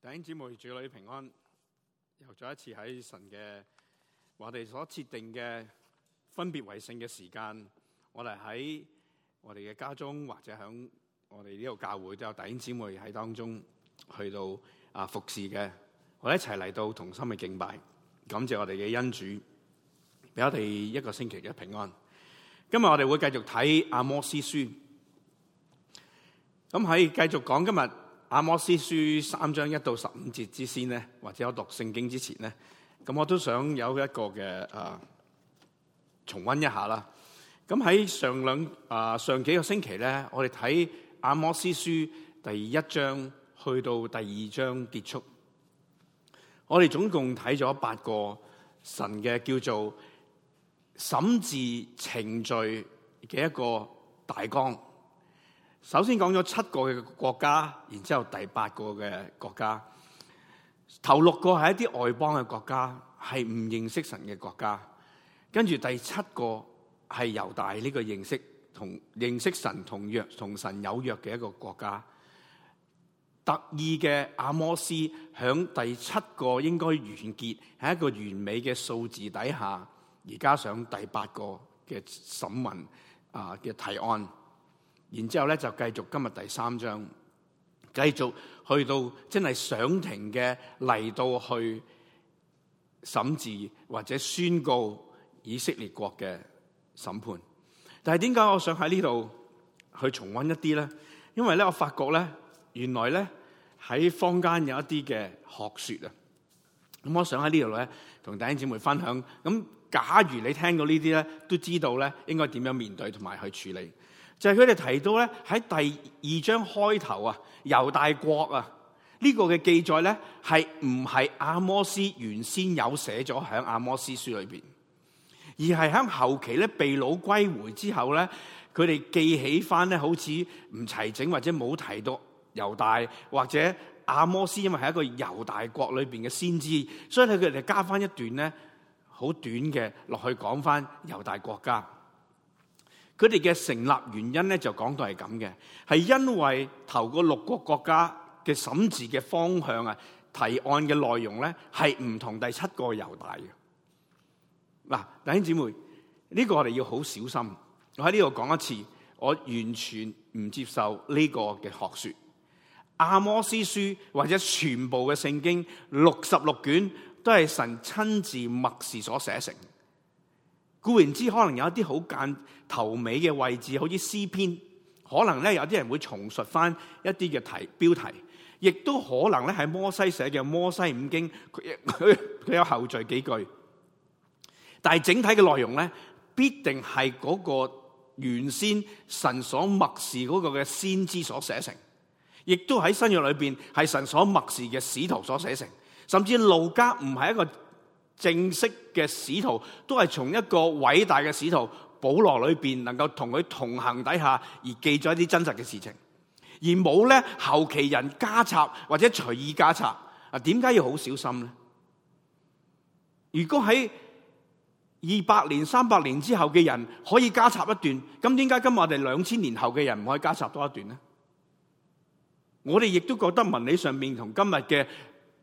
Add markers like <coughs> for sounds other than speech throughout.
弟兄姊妹，主裡平安。又再一次喺神嘅我哋所設定嘅分別為聖嘅時間，我哋喺我哋嘅家中或者響我哋呢度教會都有弟兄姊妹喺當中去到啊服侍嘅，我哋一齊嚟到同心嘅敬拜，感謝我哋嘅恩主，俾我哋一個星期嘅平安。今日我哋會繼續睇阿摩司書，咁喺繼續講今日。阿摩司書三章一到十五節之先咧，或者我讀聖經之前咧，咁我都想有一個嘅啊、呃、重溫一下啦。咁喺上兩啊、呃、上幾個星期呢，我哋睇阿摩司書第一章去到第二章結束，我哋總共睇咗八個神嘅叫做審判程序嘅一個大綱。首先講咗七個嘅國家，然之後第八個嘅國家，頭六個係一啲外邦嘅國家，係唔認識神嘅國家。跟住第七個係猶大呢個認識同認識神同約同神有約嘅一個國家。特意嘅阿摩司響第七個應該完結，喺一個完美嘅數字底下，而加上第八個嘅審問啊嘅提案。然之後咧，就繼續今日第三章，繼續去到真係上庭嘅嚟到去審治或者宣告以色列國嘅審判。但係點解我想喺呢度去重溫一啲咧？因為咧，我發覺咧，原來咧喺坊間有一啲嘅學說啊。咁我想喺呢度咧同弟兄姊妹分享。咁假如你聽到呢啲咧，都知道咧應該點樣面對同埋去處理。就係佢哋提到咧，喺第二章開頭啊，猶大國啊呢、這個嘅記載咧，係唔係阿摩司原先有寫咗喺阿摩司書裏邊，而係喺後期咧被擄歸回，回之後咧，佢哋記起翻咧好似唔齊整或者冇提到猶大或者阿摩司，因為係一個猶大國裏邊嘅先知，所以咧佢哋加翻一段咧好短嘅落去講翻猶大國家。佢哋嘅成立原因咧就講到係咁嘅，係因為頭個六個國家嘅審視嘅方向啊，提案嘅內容咧係唔同第七個猶大嘅。嗱，弟兄姊妹，呢個我哋要好小心。我喺呢度講一次，我完全唔接受呢個嘅學說。阿摩司書或者全部嘅聖經六十六卷都係神親自默示所寫成。固然之，可能有一啲好間頭尾嘅位置，好似詩篇，可能咧有啲人會重述翻一啲嘅題標題，亦都可能咧係摩西寫嘅摩西五經，佢佢佢有後續幾句，但係整體嘅內容咧，必定係嗰個原先神所默示嗰個嘅先知所寫成，亦都喺新約裏邊係神所默示嘅使徒所寫成，甚至路加唔係一個。正式嘅使徒都係從一個偉大嘅使徒保羅裏邊，能夠同佢同行底下而記咗一啲真實嘅事情，而冇咧，後期人加插或者隨意加插啊。點解要好小心咧？如果喺二百年、三百年之後嘅人可以加插一段，咁點解今日我哋兩千年後嘅人唔可以加插多一段呢？我哋亦都覺得文理上面同今日嘅。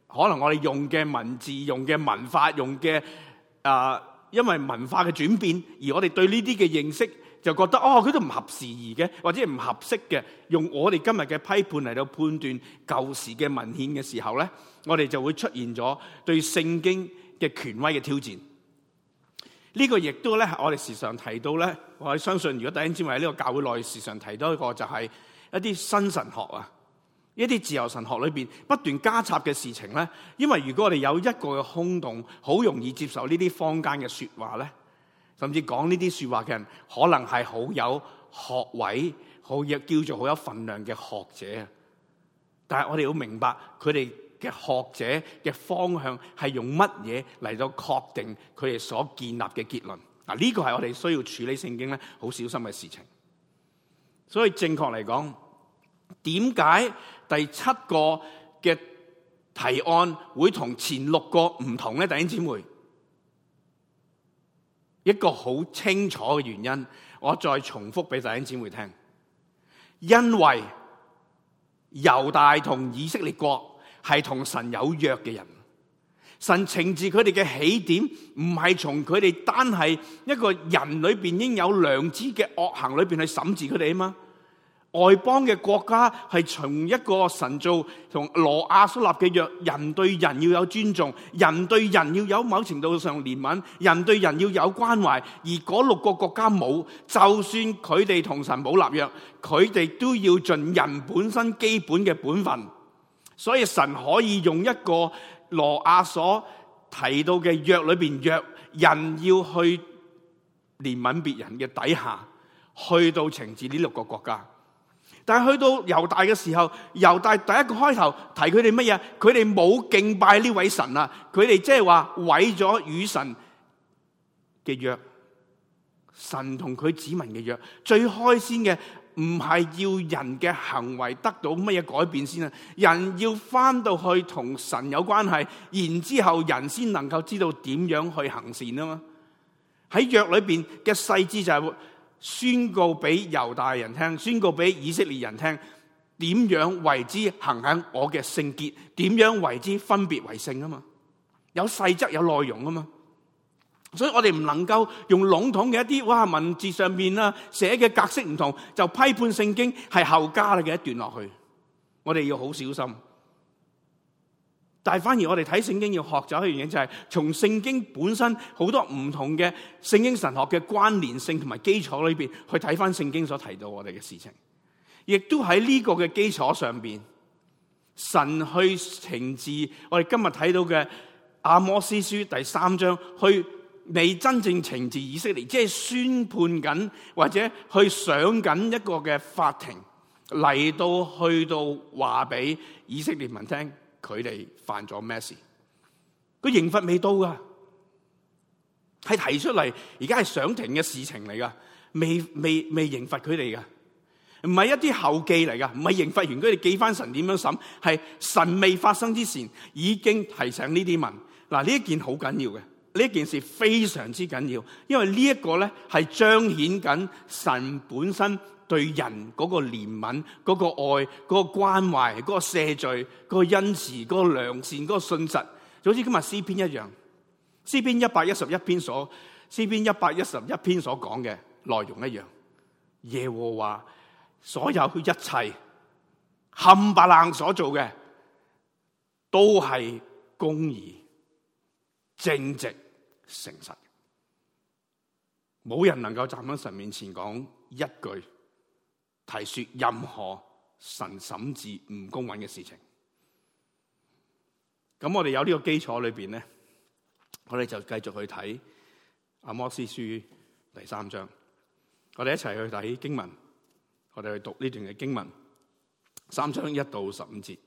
可能我哋用嘅文字、用嘅文化、用嘅啊、呃，因為文化嘅轉變，而我哋對呢啲嘅認識就覺得哦，佢都唔合時宜嘅，或者唔合適嘅，用我哋今日嘅批判嚟到判斷舊時嘅文獻嘅時候咧，我哋就會出現咗對聖經嘅權威嘅挑戰呢，這個亦都咧，我哋時常提到咧，我哋相信如果弟兄姊妹喺呢個教會內時常提到一個就係一啲新神學啊。一啲自由神學裏邊不斷加插嘅事情呢因為如果我哋有一個嘅空洞，好容易接受呢啲坊間嘅說話呢甚至講呢啲說話嘅人可能係好有學位、好嘢叫做好有分量嘅學者，但係我哋要明白佢哋嘅學者嘅方向係用乜嘢嚟到確定佢哋所建立嘅結論啊？呢個係我哋需要處理聖經咧好小心嘅事情。所以正確嚟講。點解第七個嘅提案會同前六個唔同咧？弟兄姊妹，一個好清楚嘅原因，我再重複俾弟兄姊妹聽。因為猶大同以色列國係同神有約嘅人，神懲治佢哋嘅起點唔係從佢哋單係一個人裏邊應有良知嘅惡行裏邊去審治佢哋啊嘛。外邦嘅國家係從一個神造同羅亞所立嘅約，人對人要有尊重，人對人要有某程度上憐憫，人對人要有關懷。而嗰六個國家冇，就算佢哋同神冇立約，佢哋都要盡人本身基本嘅本分。所以神可以用一個羅亞所提到嘅約裏邊約人要去憐憫別人嘅底下，去到懲治呢六個國家。但係去到猶大嘅時候，猶大第一個開頭提佢哋乜嘢？佢哋冇敬拜呢位神啊！佢哋即係話毀咗與神嘅約，神同佢子民嘅約。最開先嘅唔係要人嘅行為得到乜嘢改變先啊！人要翻到去同神有關係，然之後人先能夠知道點樣去行善啊嘛！喺約裏邊嘅細節就係、是。宣告俾猶大人聽，宣告俾以色列人聽，點樣為之行喺我嘅聖潔？點樣為之分別為聖啊嘛？有細則有內容啊嘛？所以我哋唔能夠用籠統嘅一啲，哇文字上面啦寫嘅格式唔同就批判聖經係後加嘅一段落去，我哋要好小心。但係反而我哋睇聖經要學咗嘅原因，就係從聖經本身好多唔同嘅聖經神學嘅關聯性同埋基礎裏邊去睇翻聖經所提到我哋嘅事情，亦都喺呢個嘅基礎上邊，神去懲治我哋今日睇到嘅阿摩司書第三章，去未真正懲治以色列，即係宣判緊或者去上緊一個嘅法庭，嚟到去到話俾以色列民聽。佢哋犯咗咩事？佢刑罰未到噶，係提出嚟而家係上庭嘅事情嚟噶，未未未刑罰佢哋噶，唔係一啲後記嚟噶，唔係刑罰完佢哋記翻神點樣審，係神未發生之前已經提醒呢啲民。嗱，呢一件好緊要嘅，呢一件事非常之緊要，因為呢一個咧係彰顯緊神本身。對人嗰個憐憫、嗰、嗰個愛、嗰、嗰個關懷、嗰、嗰個赦罪、嗰、嗰個恩慈、嗰、嗰個良善、嗰、嗰個信實，就好似今日詩篇一樣，詩篇一百一十一篇所詩篇一百一十一篇所講嘅內容一樣，耶和華所有佢一切冚白冷所做嘅，都係公義、正直、誠實，冇人能夠站喺神面前講一句，提說任何神審治唔公允嘅事情，咁我哋有呢個基礎裏面呢，我哋就繼續去睇阿摩司書第三章，我哋一齊去睇經文，我哋去讀呢段嘅經文，三章一到十五節，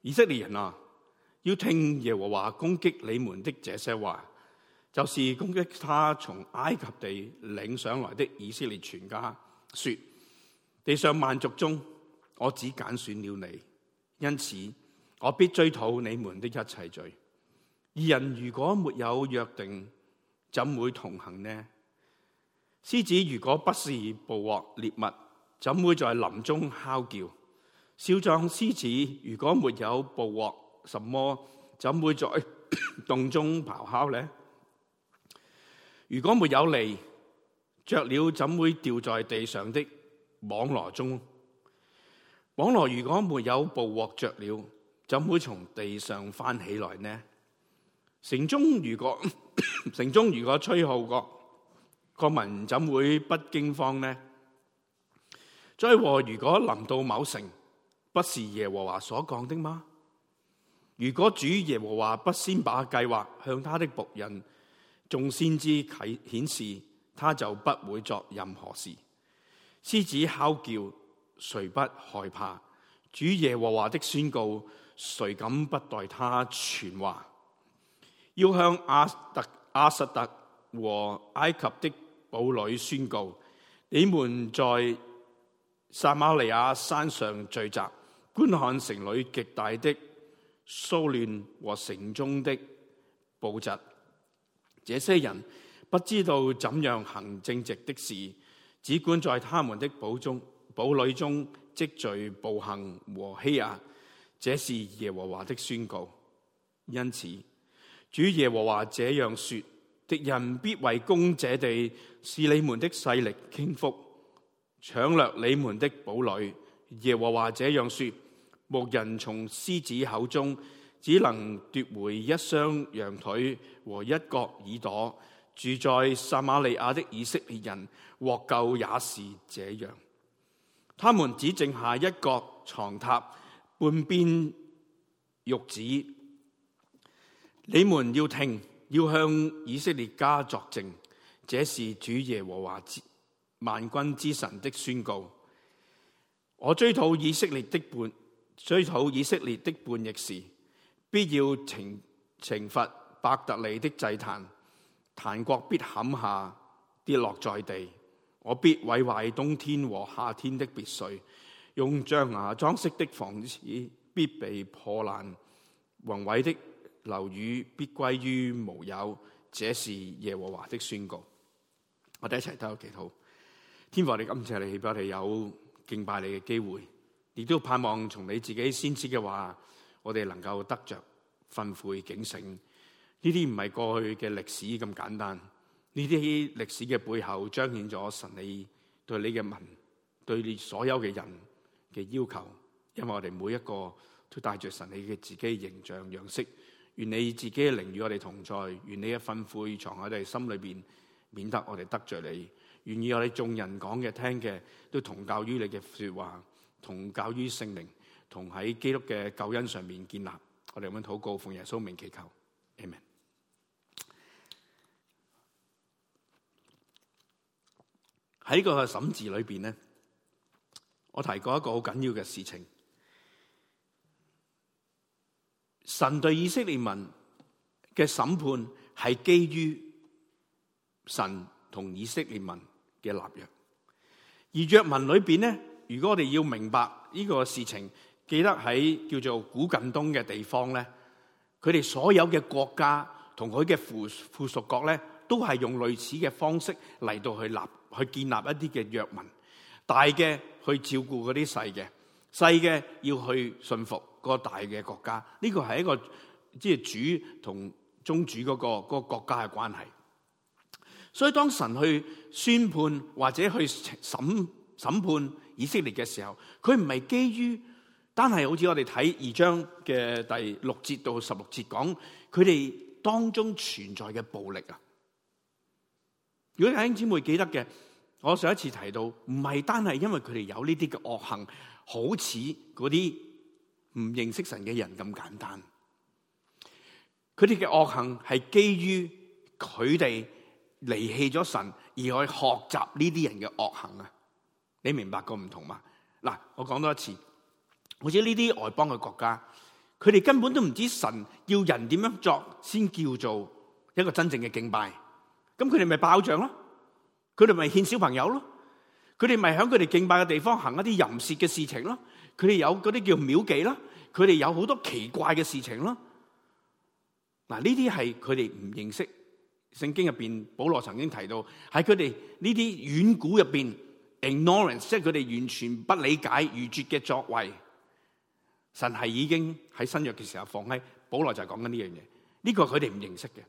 以色列人啊，要聽耶和華攻擊你們的這些話，就是攻擊他從埃及地領上來的以色列全家。說地上萬族中，我只揀選了你，因此我必追討你們的一切罪。二人如果沒有約定，怎會同行呢？獅子如果不是捕獲獵物，怎會在林中嚎叫？少壯獅子如果沒有捕獲什麼，怎會在洞 <coughs> <coughs> 中咆哮呢？如果沒有利？雀鳥怎會掉在地上的網羅中？網羅如果沒有捕獲雀鳥，怎會從地上翻起來呢？城中如果 <coughs> 城中如果吹號角，國民怎會不驚慌呢？災禍如果臨到某城，不是耶和華所講的嗎？如果主耶和華不先把計劃向他的僕人、眾先知啟顯示？他就不會作任何事。獅子吼叫，誰不害怕？主耶和華的宣告，誰敢不代他傳話？要向亞特、亞實特和埃及的堡壘宣告：你們在撒馬利亞山上聚集，觀看城裏極大的騷亂和城中的暴疾。這些人。不知道怎樣行正直的事，只管在他們的堡中、堡壘中積聚暴行和欺壓。這是耶和華的宣告。因此，主耶和華這樣說：敵人必圍攻這地，是你們的勢力傾覆，搶掠你們的堡壘。耶和華這樣說：牧人從獅子口中只能奪回一雙羊腿和一角耳朵。住在撒瑪利亞的以色列人獲救也是這樣，他們只剩下一角床榻、半邊褥子。你們要聽，要向以色列家作證，這是主耶和華之萬軍之神的宣告。我追討以色列的叛，追討以色列的叛逆時，必要懲懲罰伯特利的祭壇。壇角必砍下跌落在地，我必毀壞冬天和夏天的別墅，用象牙裝飾的房子必被破爛，宏偉的樓宇必歸於無有。這是耶和華的宣告。我哋一齊都有祈禱，天父，你感謝你，俾我哋有敬拜你嘅機會，亦都盼望從你自己先知嘅話，我哋能夠得着訓誨警醒。呢啲唔係過去嘅歷史咁簡單，呢啲歷史嘅背後彰顯咗神你對你嘅民，對你所有嘅人嘅要求。因為我哋每一個都帶住神你嘅自己形象樣式，願你自己嘅靈與我哋同在，願你嘅份悔藏喺我哋心裏邊，免得我哋得罪你。願以我哋眾人講嘅聽嘅都同教於你嘅說話，同教於聖靈，同喺基督嘅救恩上面建立。我哋咁樣禱告，奉耶穌名祈求，阿門。喺呢個審字裏邊咧，我提過一個好緊要嘅事情。神對以色列民嘅審判係基於神同以色列民嘅立約。而約文裏邊咧，如果我哋要明白呢個事情，記得喺叫做古近東嘅地方咧，佢哋所有嘅國家同佢嘅附附屬國咧，都係用類似嘅方式嚟到去立。去建立一啲嘅約民，大嘅去照顧嗰啲細嘅，細嘅要去信服個大嘅國家。呢、這個係一個即係、就是、主同宗主嗰、那個嗰、那個國家嘅關係。所以當神去宣判或者去審審判以色列嘅時候，佢唔係基於單係好似我哋睇二章嘅第六節到十六節講佢哋當中存在嘅暴力啊。如果弟兄姊妹記得嘅。我上一次提到，唔係單係因為佢哋有呢啲嘅惡行，好似嗰啲唔認識神嘅人咁簡單。佢哋嘅惡行係基於佢哋離棄咗神，而去學習呢啲人嘅惡行啊！你明白個唔同嘛，嗱，我講多一次，或者呢啲外邦嘅國家，佢哋根本都唔知神要人點樣作先叫做一個真正嘅敬拜。咁佢哋咪爆仗咯！佢哋咪獻小朋友咯，佢哋咪喺佢哋敬拜嘅地方行一啲淫褻嘅事情咯，佢哋有嗰啲叫廟妓咯，佢哋有好多奇怪嘅事情咯。嗱，呢啲係佢哋唔認識。聖經入邊，保羅曾經提到喺佢哋呢啲遠古入邊 ignorance，即係佢哋完全不理解愚拙嘅作為。神係已經喺新約嘅時候放喺保羅就係講緊呢樣嘢，呢、這個係佢哋唔認識嘅。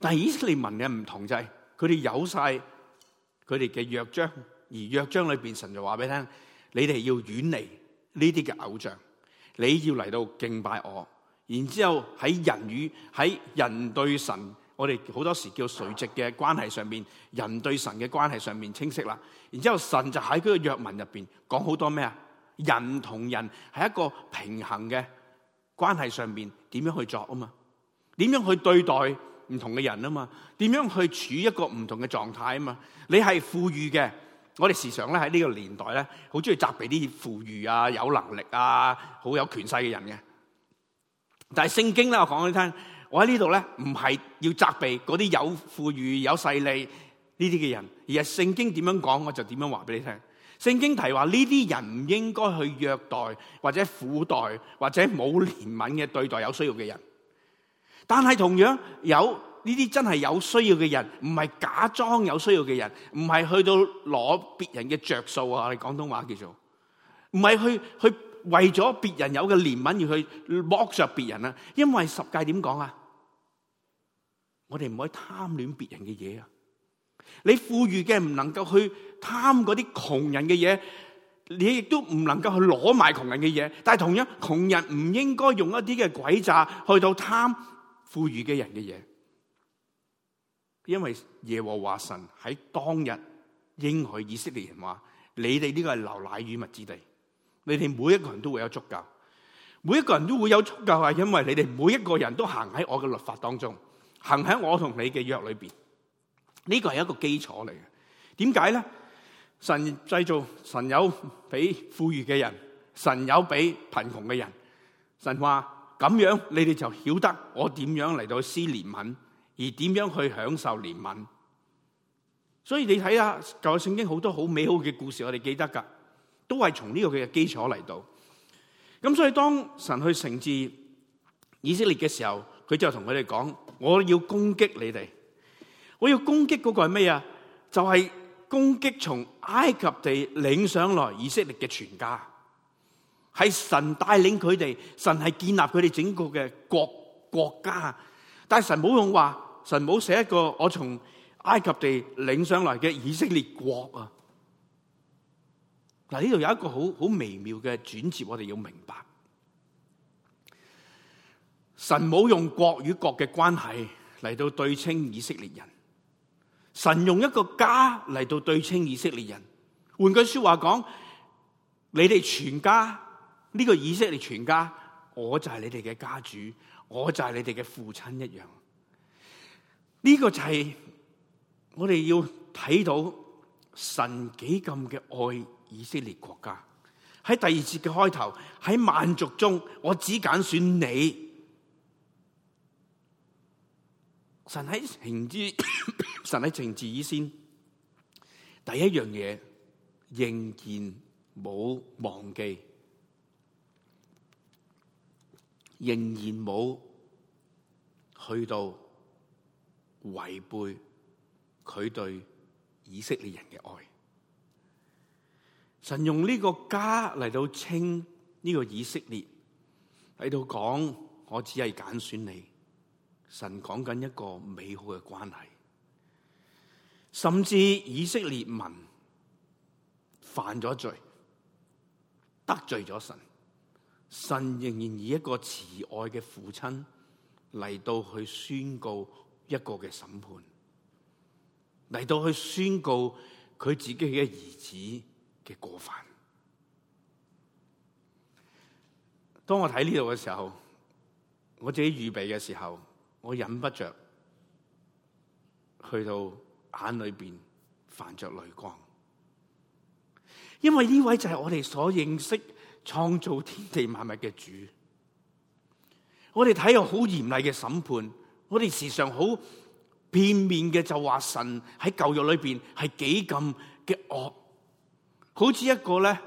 但係以色列文嘅唔同就係、是。佢哋有晒佢哋嘅約章，而約章裏邊神就話俾你聽，你哋要遠離呢啲嘅偶像，你要嚟到敬拜我。然之後喺人與喺人對神，我哋好多時叫垂直嘅關係上面，人對神嘅關係上面清晰啦。然之後神就喺佢嘅約文入邊講好多咩啊？人同人係一個平衡嘅關係上面，點樣去作啊？嘛，點樣去對待？唔同嘅人啊嘛點樣去處一個唔同嘅狀態啊嘛？你係富裕嘅，我哋時常咧喺呢個年代咧，好中意責備啲富裕啊、有能力啊、好有權勢嘅人嘅。但係聖經咧，我講俾你聽，我喺呢度咧，唔係要責備嗰啲有富裕、有勢力呢啲嘅人，而係聖經點樣講，我就點樣話俾你聽。聖經提話呢啲人唔應該去虐待或者苦待或者冇憐憫嘅對待有需要嘅人。但係同樣有呢啲真係有需要嘅人，唔係假裝有需要嘅人，唔係去到攞別人嘅著數啊！我哋廣東話叫做，唔係去去為咗別人有嘅憐憫而去剝削別人啊！因為十戒點講啊？我哋唔可以貪戀別人嘅嘢啊！你富裕嘅唔能夠去貪嗰啲窮人嘅嘢，你亦都唔能夠去攞埋窮人嘅嘢。但係同樣窮人唔應該用一啲嘅詭詐去到貪富裕嘅人嘅嘢，因為耶和華神喺當日應許以色列人話：你哋呢個係牛奶與蜜之地，你哋每一個人都會有足夠，每一個人都會有足夠，係因為你哋每一個人都行喺我嘅律法當中，行喺我同你嘅約裏邊。呢個係一個基礎嚟嘅，點解咧？神製造，神有俾富裕嘅人，神有俾貧窮嘅人，神話。咁樣，你哋就曉得我點樣嚟到施憐憫，而點樣去享受憐憫。所以你睇下舊約聖經好多好美好嘅故事，我哋記得㗎，都係從呢個嘅基礎嚟到。咁所以當神去懲治以色列嘅時候，佢就同佢哋講：我要攻擊你哋，我要攻擊嗰個係咩啊？就係、是、攻擊從埃及地領上來以色列嘅全家。係神帶領佢哋，神係建立佢哋整個嘅國國家。但係神冇用話，神冇寫一個我從埃及地領上嚟嘅以色列國啊。嗱，呢度有一個好好微妙嘅轉折，我哋要明白。神冇用國與國嘅關係嚟到對稱以色列人，神用一個家嚟到對稱以色列人。換句說話講，你哋全家。呢、這個以色列全家，我就係你哋嘅家主，我就係你哋嘅父親一樣。呢、這個就係我哋要睇到神幾咁嘅愛以色列國家。喺第二節嘅開頭，喺萬族中，我只揀選你。神喺情之，神喺情之以先，第一樣嘢仍然冇忘記。仍然冇去到違背佢對以色列人嘅愛。神用呢個家嚟到清呢個以色列，喺度講我只係揀選你。神講緊一個美好嘅關係，甚至以色列民犯咗罪，得罪咗神。神仍然以一個慈愛嘅父親嚟到去宣告一個嘅審判，嚟到去宣告佢自己嘅兒子嘅過犯。當我睇呢度嘅時候，我自己預備嘅時候，我忍不着去到眼裏邊泛着淚光，因為呢位就係我哋所認識。創造天地萬物嘅主，我哋睇有好嚴厲嘅審判，我哋時常好片面嘅就話神喺舊約裏邊係幾咁嘅惡，好似一個咧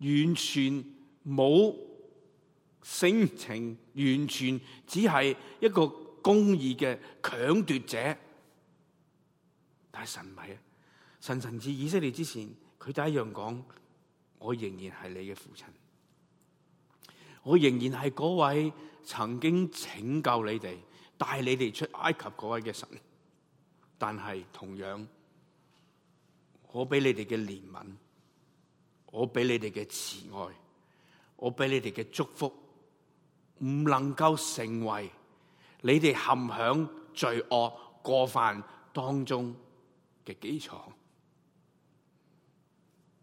完全冇性情，完全只係一個公義嘅強奪者，但係神唔係啊！神神至以色列之前，佢就一樣講。我仍然係你嘅父親，我仍然係嗰位曾經拯救你哋、帶你哋出埃及嗰位嘅神，但係同樣，我畀你哋嘅憐憫，我畀你哋嘅慈愛，我畀你哋嘅祝福，唔能夠成為你哋陷響罪惡過犯當中嘅基礎。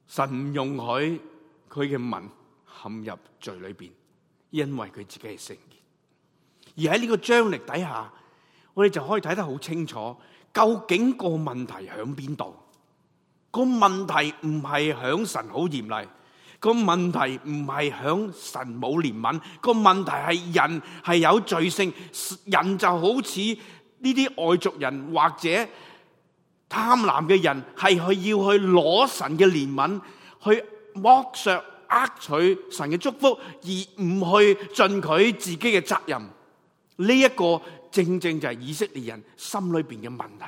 神唔容許佢嘅文陷入罪裏邊，因為佢自己係聖潔。而喺呢個張力底下，我哋就可以睇得好清楚，究竟個問題喺邊度？個問題唔係響神好嚴厲，個問題唔係響神冇憐憫，個問題係人係有罪性，人就好似呢啲外族人或者。貪婪嘅人係去要去攞神嘅憐憫，去剝削、呃取神嘅祝福，而唔去盡佢自己嘅責任。呢、這、一個正正就係以色列人心裏邊嘅問題。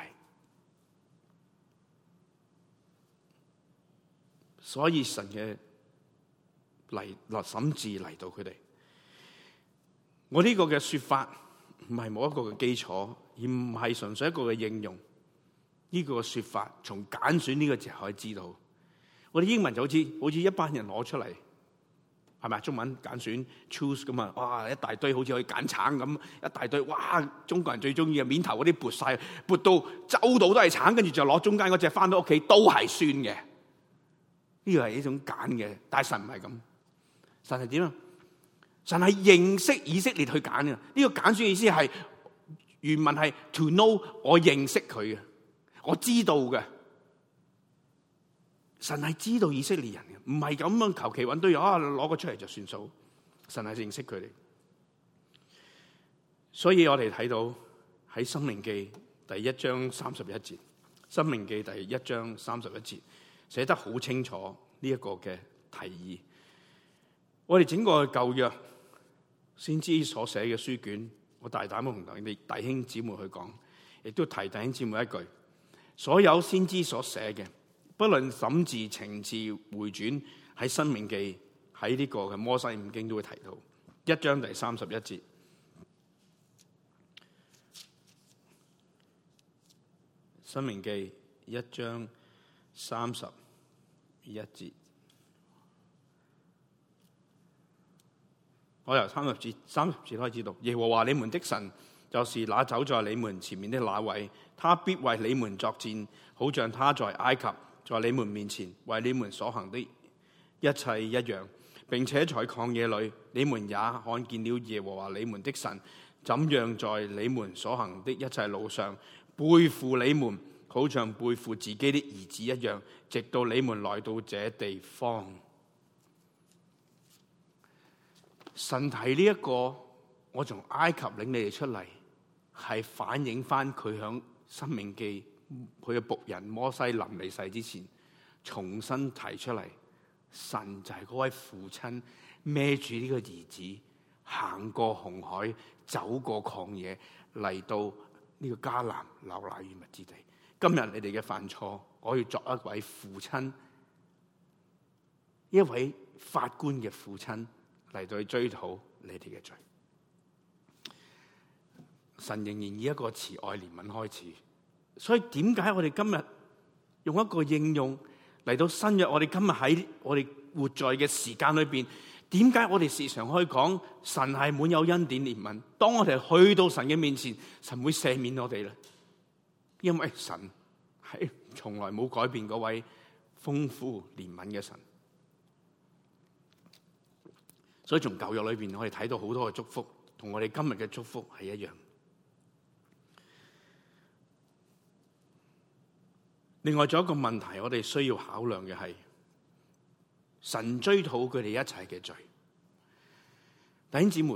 所以神嘅嚟落審判嚟到佢哋。我呢個嘅說法唔係冇一個嘅基礎，而唔係純粹一個嘅應用。呢、個說法從揀選呢個字可以知道，我哋英文就好似好似一班人攞出嚟，係咪？中文揀選 choose 咁啊，哇！一大堆好似可以揀橙咁，一大堆哇！中國人最中意嘅面頭嗰啲撥晒，撥到周到都係橙，跟住就攞中間嗰隻翻到屋企都係酸嘅。呢個係一種揀嘅，但係神唔係咁，神係點啊？神係認識以色列去揀嘅。呢、個揀選意思係原文係 to know，我認識佢嘅。我知道嘅，神係知道以色列人嘅，唔係咁樣求其揾堆人啊，攞個出嚟，就算數。神係認識佢哋，所以我哋睇到喺《申命記》第一章三十一節，《申命記》第一章三十一節寫得好清楚呢一個嘅提議。我哋整個舊約先知所寫嘅書卷，我大膽同你弟兄姊妹去講，亦都提弟兄姊妹一句。所有先知所寫嘅，不論審字、情字、回轉，喺《申命記》喺呢、這個摩西五經》都會提到，一章第三十一節，《申命記》一章三十一節，我由三十節三十節開始讀，耶和華你們的神就是那走在你們前面的那位。他必為你們作戰，好像他在埃及在你們面前為你們所行的一切一樣，並且在曠野裏你們也看見了耶和華你們的神怎樣在你們所行的一切路上背負你們，好像背負自己的兒子一樣，直到你們來到這地方。神睇呢一個，我從埃及領你哋出嚟，係反映返佢響。《生命記》，佢嘅僕人摩西臨離世之前，重新提出嚟：神就係嗰位父親，孭住呢個兒子，行過紅海，走過曠野，嚟到呢個迦南流奶與蜜之地。今日你哋嘅犯錯，我要作一位父親，一位法官嘅父親嚟到去追討你哋嘅罪。神仍然以一個慈愛憐憫開始，所以點解我哋今日用一個應用嚟到新約？我哋今日喺我哋活在嘅時間裏邊，點解我哋時常可以講神係滿有恩典憐憫？當我哋去到神嘅面前，神會赦免我哋咧？因為神係從來冇改變嗰位豐富憐憫嘅神，所以從舊約裏邊我哋睇到好多嘅祝福，同我哋今日嘅祝福係一樣。另外仲有一個問題，我哋需要考量嘅係神追討佢哋一切嘅罪。弟兄姊妹，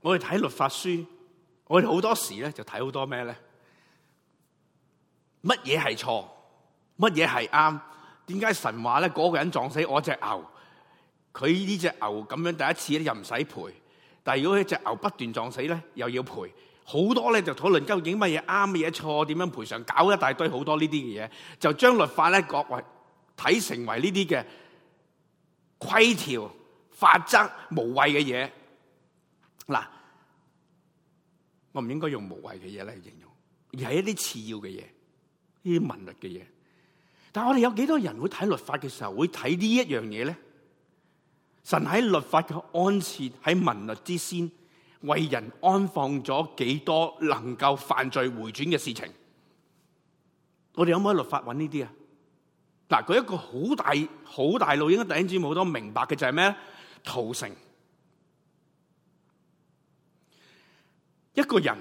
我哋睇律法書，我哋好多時咧就睇好多咩咧？乜嘢係錯？乜嘢係啱？點解神話咧？嗰個人撞死我隻牛，佢呢隻牛咁樣第一次咧又唔使賠，但係如果佢隻牛不斷撞死咧，又要賠？好多咧就討論究竟乜嘢啱，乜嘢錯，點樣賠償，搞一大堆好多呢啲嘅嘢，就將律法咧各位睇成為呢啲嘅規條、法則、無謂嘅嘢。嗱，我唔應該用無謂嘅嘢嚟形容，而係一啲次要嘅嘢，呢啲民律嘅嘢。但係我哋有幾多人會睇律法嘅時候會睇呢一樣嘢咧？神喺律法嘅安設喺民律之先。為人安放咗幾多能夠犯罪回轉嘅事情？我哋有冇喺律法揾呢啲啊？嗱，佢一個好大、好大路，應該大家知冇多明白嘅就係咩逃城，一個人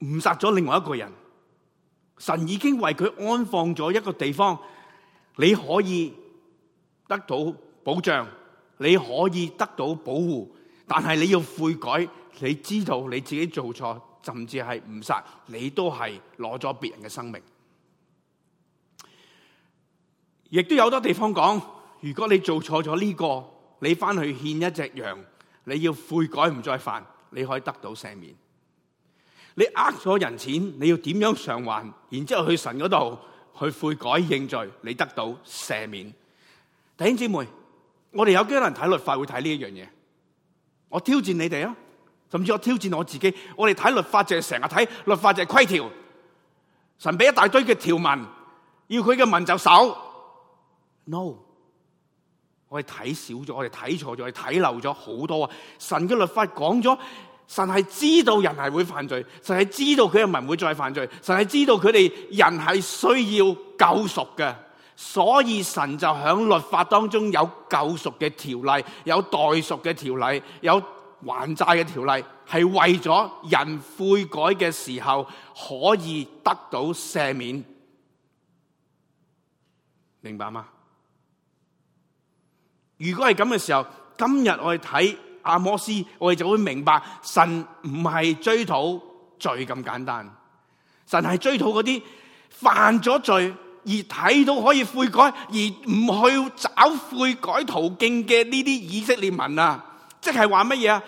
誤殺咗另外一個人，神已經為佢安放咗一個地方，你可以得到保障，你可以得到保護。但係你要悔改，你知道你自己做錯，甚至係誤殺，你都係攞咗別人嘅生命。亦都有好多地方講，如果你做錯咗呢個，你翻去獻一隻羊，你要悔改唔再犯，你可以得到赦免。你呃咗人錢，你要點樣償還？然之後去神嗰度去悔改認罪，你得到赦免。弟兄姊妹，我哋有幾多人睇律法會睇呢一樣嘢？我挑戰你哋啊，甚至我挑戰我自己。我哋睇律法就係成日睇律法就係規條，神俾一大堆嘅條文，要佢嘅民就守。No，我哋睇少咗，我哋睇錯咗，我哋睇漏咗好多啊！神嘅律法講咗，神係知道人係會犯罪，神係知道佢嘅民會再犯罪，神係知道佢哋人係需要救贖嘅。所以神就喺律法當中有救贖嘅條例，有代贖嘅條例，有還債嘅條例，係為咗人悔改嘅時候可以得到赦免，明白嗎？如果係咁嘅時候，今日我哋睇阿摩斯，我哋就會明白神唔係追討罪咁簡單，神係追討嗰啲犯咗罪。而睇到可以悔改而唔去找悔改途徑嘅呢啲以色列民啊，即係話乜嘢啊？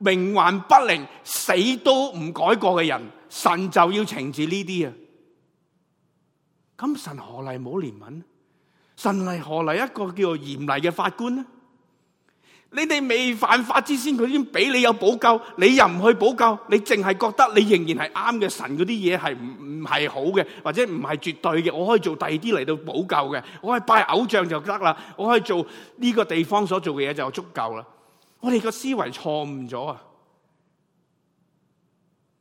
冥頑不靈，死都唔改過嘅人，神就要懲治呢啲啊！咁神何嚟冇憐憫？神嚟何嚟一個叫嚴厲嘅法官呢？你哋未犯法之先，佢先俾你有補救，你又唔去補救，你淨係覺得你仍然係啱嘅，神嗰啲嘢係唔唔係好嘅，或者唔係絕對嘅，我可以做第二啲嚟到補救嘅，我可以拜偶像就得啦，我可以做呢個地方所做嘅嘢就足夠啦。我哋個思維錯誤咗啊！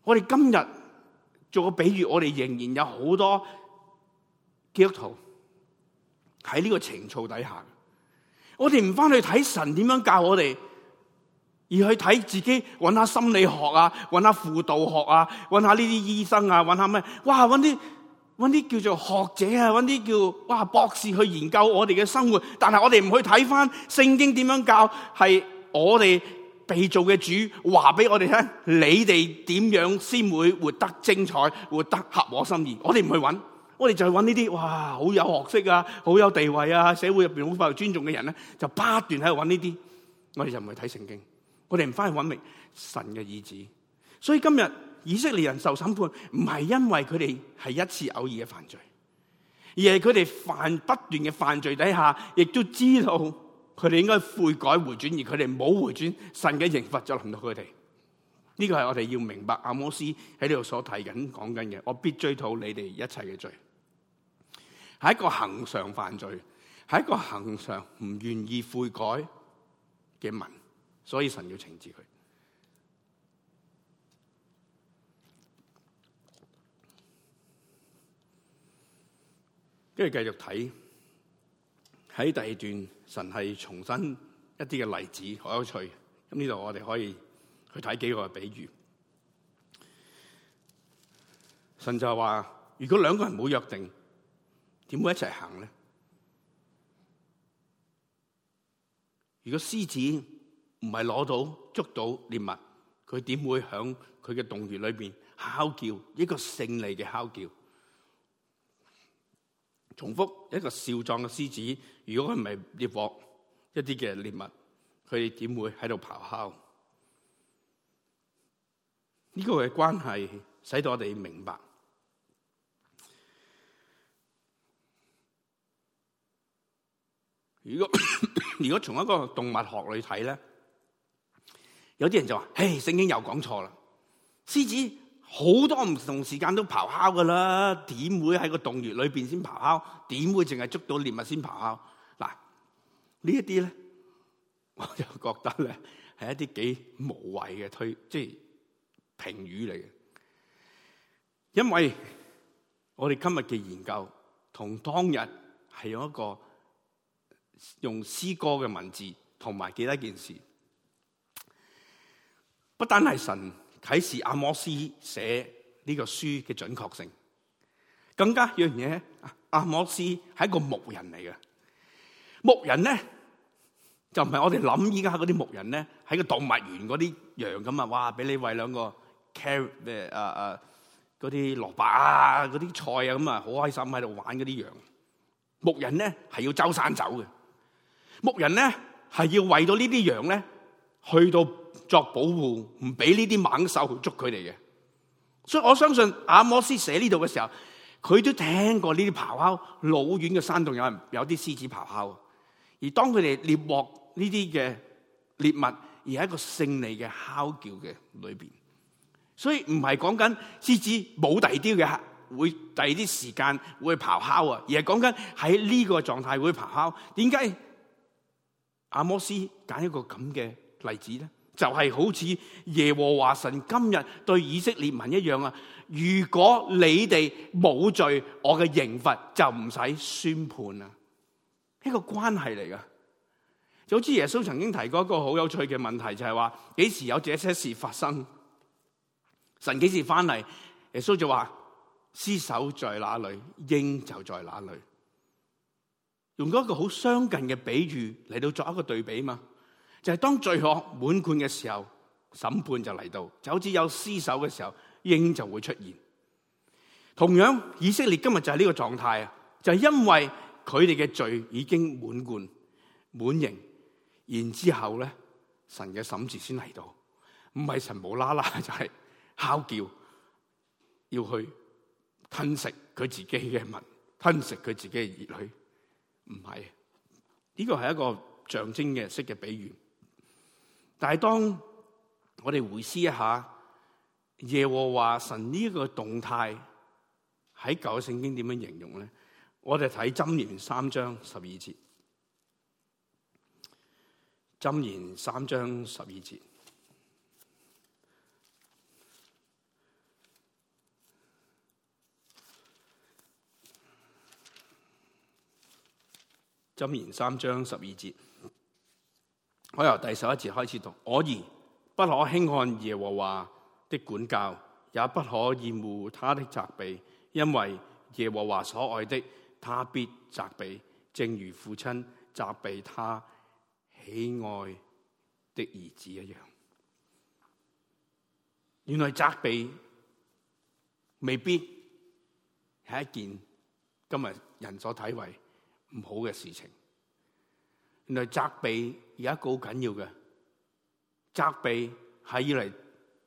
我哋今日做個比喻，我哋仍然有好多基督徒喺呢個情操底下。我哋唔翻去睇神點樣教我哋，而去睇自己揾下心理學啊，揾下輔導學啊，揾下呢啲醫生啊，揾下咩？哇！揾啲揾啲叫做學者啊，揾啲叫哇博士去研究我哋嘅生活。但係我哋唔去睇翻聖經點樣教，係我哋被造嘅主話俾我哋聽，你哋點樣先會活得精彩，活得合我心意？我哋唔去揾。我哋就係揾呢啲，哇，好有學識啊，好有地位啊，社會入邊好受尊重嘅人咧，就不斷喺度揾呢啲。我哋就唔去睇聖經，我哋唔翻去揾明神嘅意志，所以今日以色列人受審判，唔係因為佢哋係一次偶爾嘅犯罪，而係佢哋犯不斷嘅犯罪底下，亦都知道佢哋應該悔改回轉，而佢哋冇回轉，神嘅刑罰就臨到佢哋。呢個係我哋要明白阿摩司喺呢度所提緊講緊嘅，我必追討你哋一切嘅罪。係一個恆常犯罪，係一個恆常唔願意悔改嘅民，所以神要懲治佢。跟住繼續睇喺第二段，神係重申一啲嘅例子，好有趣。咁呢度我哋可以去睇幾個比喻。神就話，如果兩個人冇約定。點會一齊行呢？如果獅子唔係攞到捉到獵物，佢點會響佢嘅洞穴裏面嚎叫？一個勝利嘅嚎叫，重複一個少壯嘅獅子。如果佢唔係獵獲一啲嘅獵物，佢哋點會喺度咆哮？呢個嘅關係，使到我哋明白。如果如果從一個動物學嚟睇咧，有啲人就話，誒，聖經又講錯啦！獅子好多唔同時間都咆哮噶啦，點會喺個洞穴裏邊先咆哮？點會淨係捉到獵物先咆哮？嗱，這些呢一啲咧，我就覺得咧係一啲幾無謂嘅推，即、就、係、是、評語嚟嘅。因為我哋今日嘅研究同當日係有一個。用詩歌嘅文字同埋幾多件事，不單係神啟示阿摩司寫呢個書嘅準確性，更加一樣嘢，阿摩司係一個牧人嚟嘅。牧人咧就唔係我哋諗依家嗰啲牧人咧，喺個動物園嗰啲羊咁啊！哇，俾你餵兩個 car 嘅啊，啊嗰啲蘿蔔啊，嗰啲菜啊咁啊，好開心喺度玩嗰啲羊。牧人咧係要周山走嘅。牧人咧，係要為到呢啲羊咧去到作保護，唔俾呢啲猛獸去捉佢哋嘅。所以我相信阿摩斯寫呢度嘅時候，佢都聽過呢啲咆哮。老遠嘅山洞有人有啲獅子咆哮，而當佢哋獵獲呢啲嘅獵物，而喺一個勝利嘅嚎叫嘅裏邊。所以唔係講緊獅子冇第啲嘅，會第二啲時間會咆哮啊！而係講緊喺呢個狀態會咆哮。點解？阿摩司揀一個咁嘅例子咧，就係好似耶和華神今日對以色列民一樣啊！如果你哋冇罪，我嘅刑罰就唔使宣判啊！一個關係嚟噶，就好似耶穌曾經提過一個好有趣嘅問題，就係話幾時有這些事發生？神幾時翻嚟？耶穌就話：屍首在哪裏，鷹就在哪裏。用咗一個好相近嘅比喻嚟到，作一個對比嘛，就係當罪惡滿貫嘅時候，審判就嚟到，就好似有屍首嘅時候，鷹就會出現。同樣，以色列今日就係呢個狀態啊，就係、是、因為佢哋嘅罪已經滿貫滿盈。然之後咧，神嘅審判先嚟到，唔係神無啦啦就係嚎叫，要去吞食佢自己嘅民，吞食佢自己嘅兒女。唔係，呢個係一個象徵嘅式嘅比喻。但係當我哋回思一下耶和華神呢一個動態喺舊聖經點樣形容咧？我哋睇箴言三章十二節，箴言三章十二節。箴言》三章十二節，我由第十一節開始讀：我兒不可輕看耶和華的管教，也不可厭惡他的責備，因為耶和華所愛的，他必責備，正如父親責備他喜愛的兒子一樣。原來責備未必係一件今日人所體會。唔好嘅事情，原來責備有一個好緊要嘅責備，係要嚟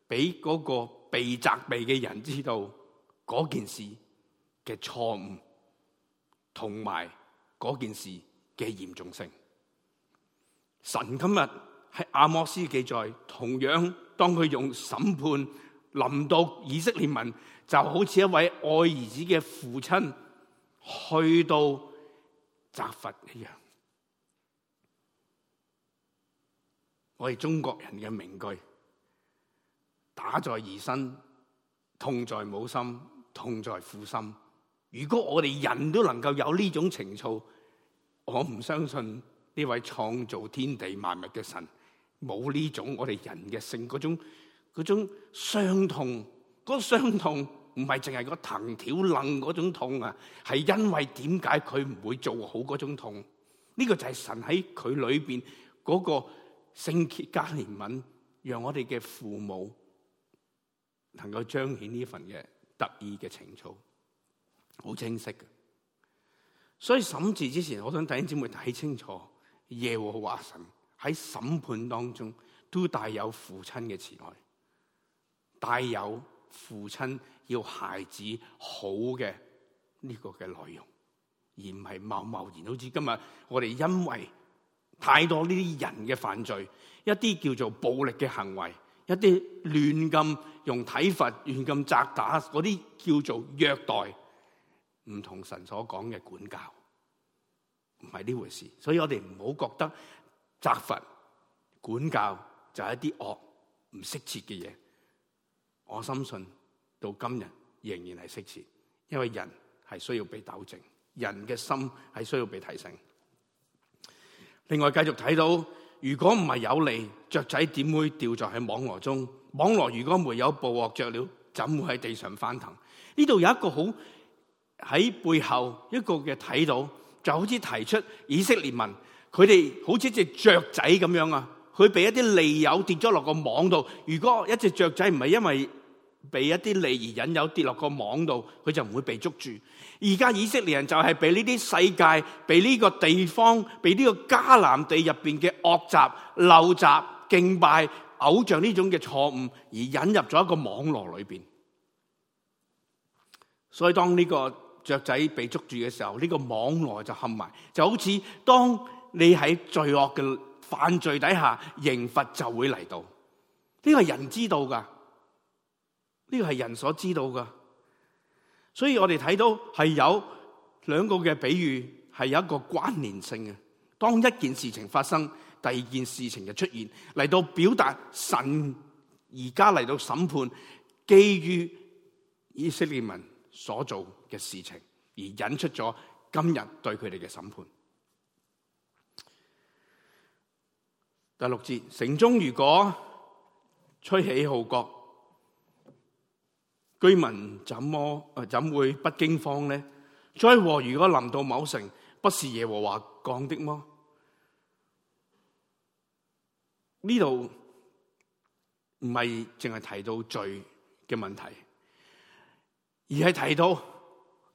俾嗰個被責備嘅人知道嗰件事嘅錯誤，同埋嗰件事嘅嚴重性。神今日係阿摩司記載，同樣當佢用審判臨到以色列民，就好似一位愛兒子嘅父親去到。責罰一樣，我哋中國人嘅名句：打在兒身，痛在母心，痛在父心。如果我哋人都能夠有呢種情操，我唔相信呢位創造天地萬物嘅神冇呢種我哋人嘅性，嗰種嗰種傷痛，嗰傷痛。唔係淨係個藤條擰嗰種痛啊，係因為點解佢唔會做好嗰種痛？呢個就係神喺佢裏邊嗰個聖潔加憐憫，讓我哋嘅父母能夠彰顯呢份嘅得意嘅情操，好清晰嘅。所以審判之前，我想弟兄姊妹睇清楚耶和華神喺審判當中都帶有父親嘅慈愛，帶有父親。要孩子好嘅呢個嘅內容，而唔係貿貿然。好似今日我哋因為太多呢啲人嘅犯罪，一啲叫做暴力嘅行為，一啲亂咁用體罰、亂咁責打，嗰啲叫做虐待，唔同神所講嘅管教，唔係呢回事。所以我哋唔好覺得責罰、管教就係一啲惡唔適切嘅嘢。我深信，到今日仍然係適切，因為人係需要被糾正，人嘅心係需要被提醒。另外，繼續睇到，如果唔係有利，雀仔點會掉在喺網羅中？網羅如果沒有捕獲雀鳥，怎會喺地上翻騰？呢度有一個好喺背後一個嘅睇到，就好似提出以色列民，佢哋好似一隻雀仔咁樣啊！佢俾一啲利友跌咗落個網度，如果一隻雀仔唔係因為被一啲利而引誘跌落個網度，佢就唔會被捉住。而家以色列人就係被呢啲世界、被呢個地方、被呢個迦南地入邊嘅惡習、陋習、敬拜偶像呢種嘅錯誤而引入咗一個網絡裏邊。所以當呢個雀仔被捉住嘅時候，呢、這個網絡就冚埋，就好似當你喺罪惡嘅犯罪底下，刑罰就會嚟到。呢、這個人知道噶。呢個係人所知道噶所以我哋睇到係有兩個嘅比喻，係有一個關聯性嘅。當一件事情發生，第二件事情就出現嚟到表達神而家嚟到審判，基於以色列民所做嘅事情而引出咗今日對佢哋嘅審判。第六節，城中如果吹起號角。居民怎麼怎會不驚慌呢？災禍如果臨到某城，不是耶和華講的麼？呢度唔係淨係提到罪嘅問題，而係提到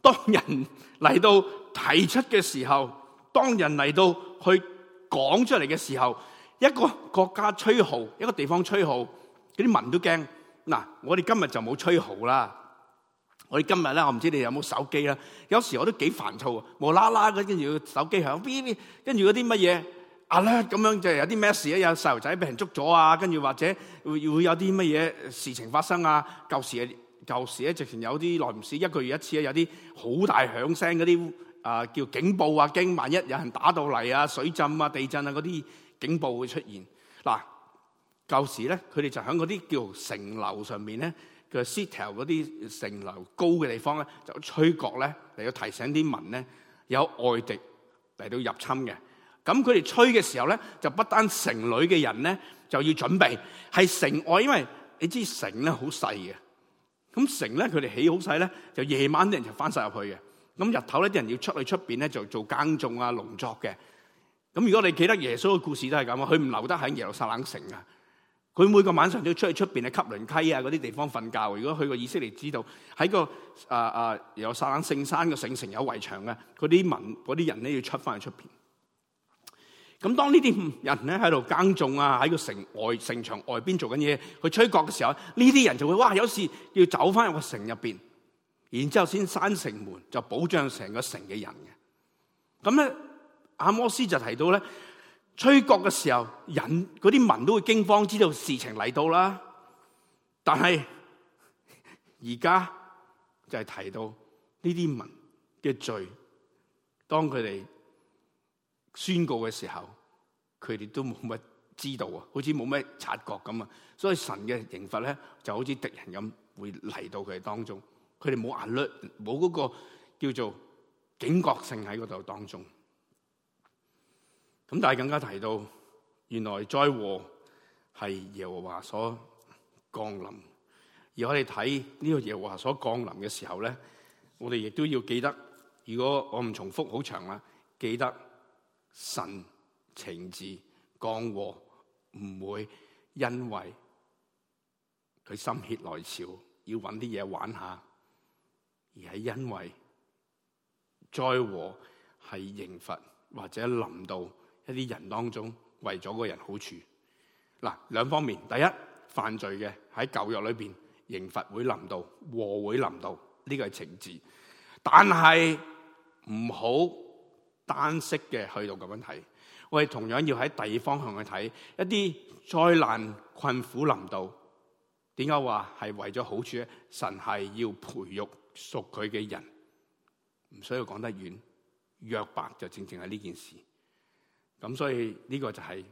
當人嚟到提出嘅時候，當人嚟到去講出嚟嘅時候，一個國家吹號，一個地方吹號，嗰啲民都驚。嗱，我哋今日就冇吹號啦。我哋今日咧，我唔知你哋有冇手機啦。有時我都幾煩躁，無啦啦跟住手機響，嗶，跟住嗰啲乜嘢啊啦咁樣，就有啲咩事啊？有細路仔畀人捉咗啊，跟住或者會會有啲乜嘢事情發生啊？舊時啊，舊時咧，直情有啲耐唔時一個月一次啊，有啲好大響聲嗰啲啊，叫警報啊，驚萬一有人打到嚟啊，水浸啊、地震啊嗰啲警報會出現。嗱。舊時咧，佢哋就喺嗰啲叫城樓上面咧嘅 style 嗰啲城樓高嘅地方咧，就吹角咧嚟到提醒啲民咧有外敵嚟到入侵嘅。咁佢哋吹嘅時候咧，就不單城裏嘅人咧就要準備，係城外，因為你知城咧好細嘅。咁城咧佢哋起好細咧，就夜晚啲人就翻曬入去嘅。咁日頭咧啲人要出去出邊咧就做耕種啊、農作嘅。咁如果你記得耶穌嘅故事都係咁啊，佢唔留得喺耶路撒冷城啊。佢每個晚上都要出去出邊嘅汲淪溪啊嗰啲地方瞓覺。如果去個以色列知道喺個啊啊、呃呃、有撒冷聖山個聖城,城有圍牆嘅，嗰啲民嗰啲人咧要出翻去出邊。咁當呢啲人咧喺度耕種啊喺個城外城牆外邊做緊嘢，佢吹角嘅時候，呢啲人就會哇有事要走翻入個城入邊，然之後先閂城門，就保障成個城嘅人嘅。咁咧，阿摩斯就提到咧。吹角嘅時候，人嗰啲民都會驚慌，知道事情嚟到啦。但係而家就係提到呢啲民嘅罪，當佢哋宣告嘅時候，佢哋都冇乜知道啊，好似冇乜察覺咁啊。所以神嘅刑罰咧，就好似敵人咁會嚟到佢哋當中，佢哋冇眼略，冇嗰個叫做警覺性喺嗰度當中。咁大家更加提到，原來災禍係耶和華所降臨，而我哋睇呢個耶和華所降臨嘅時候咧，我哋亦都要記得，如果我唔重複好長啦，記得神情志、降禍唔會因為佢心血來潮要揾啲嘢玩下，而係因為災禍係刑罰或者臨到。一啲人當中為咗個人好處，嗱，兩方面，第一犯罪嘅，喺舊約裏邊，刑罰會臨到，禍會臨到，呢、這個係懲治，但係唔好單式嘅去到咁樣睇，我哋同樣要喺第二方向去睇一啲災難困苦臨到，點解話係為咗好處咧？神係要培育屬佢嘅人，唔需要講得遠，約伯就正正係呢件事。咁所以呢個就係